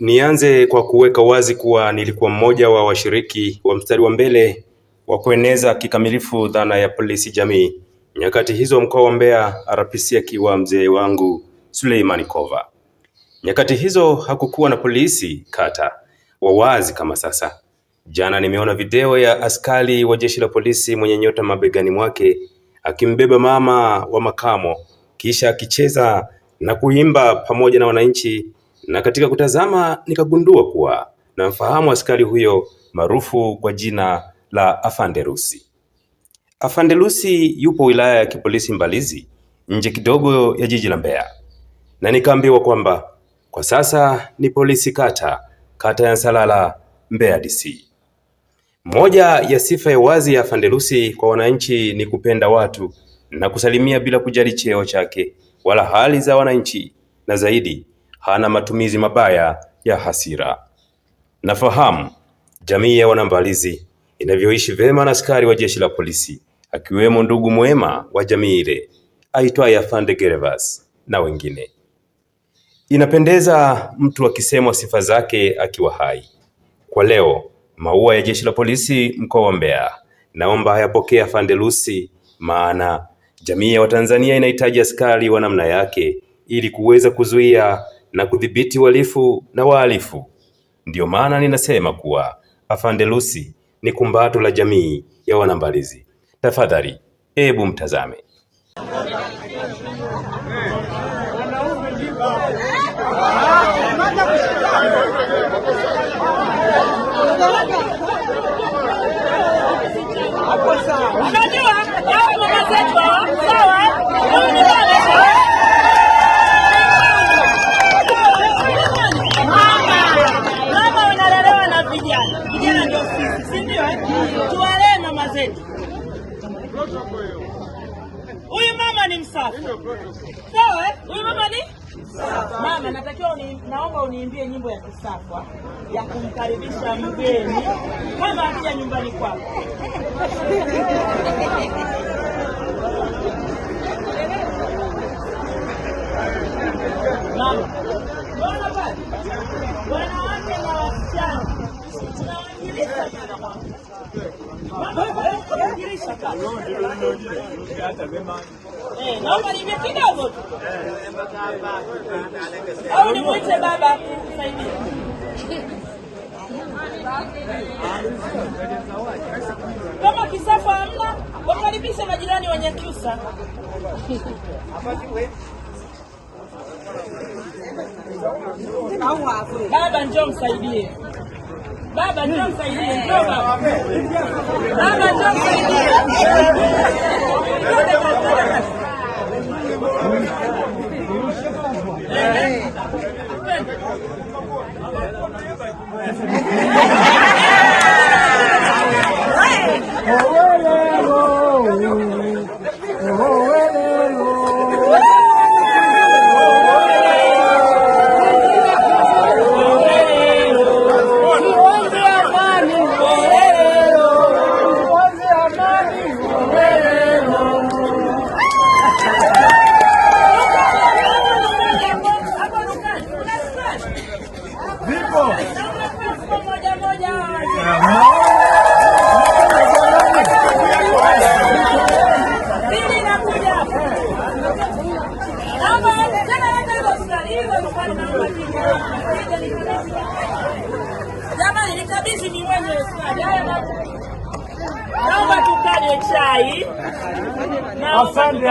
Nianze kwa kuweka wazi kuwa nilikuwa mmoja wa washiriki wa mstari wa mbele wa kueneza kikamilifu dhana ya polisi jamii nyakati hizo mkoa wa Mbeya, RPC akiwa mzee wangu Suleiman Kova. Nyakati hizo hakukuwa na polisi kata wa wazi kama sasa. Jana nimeona video ya askari wa jeshi la polisi mwenye nyota mabegani mwake akimbeba mama wa makamo kisha akicheza na kuimba pamoja na wananchi na katika kutazama nikagundua kuwa namfahamu askari huyo maarufu kwa jina la Afande Lusi. Afande yupo wilaya ya kipolisi Mbalizi, nje kidogo ya jiji la Mbeya, na nikaambiwa kwamba kwa sasa ni polisi kata kata ya Nsalala, Mbeya DC. Moja ya sifa ya wazi ya Afande kwa wananchi ni kupenda watu na kusalimia bila kujali cheo chake wala hali za wananchi, na zaidi hana matumizi mabaya ya hasira. Nafahamu jamii ya Wanambalizi inavyoishi vyema na askari wa jeshi la polisi, akiwemo ndugu mwema wa jamii ile aitwaye Afande Gervas na wengine. Inapendeza mtu akisemwa sifa zake akiwa hai. Kwa leo maua ya jeshi la polisi mkoa wa Mbeya naomba hayapokea Afande Lusi, maana jamii ya Watanzania inahitaji askari wa namna yake ili kuweza kuzuia na kudhibiti uhalifu na wahalifu. Ndiyo maana ninasema kuwa Afande ni kumbato la jamii ya Wanambalizi. Tafadhali hebu mtazame. ndio sisi, si ndio? tuwalee mama zetu. Huyu mama ni msafi, sawa? Eh? Huyu mama ni mama, natakiwa uni, naomba uniimbie nyimbo ya Kisafwa ya kumkaribisha mgeni kama akija nyumbani kwako. mama Eh, naomba nibe kidogo tu au nimwite baba akusaidia. Kama kisafa hamna, wakaribisha majirani wenye Nyakyusa. Baba, njoo msaidie. Baba njoo msaidie, njoo baba. Baba njoo Oh Jamani, nikabidhi niwenye naomba tukanye chai. Asante.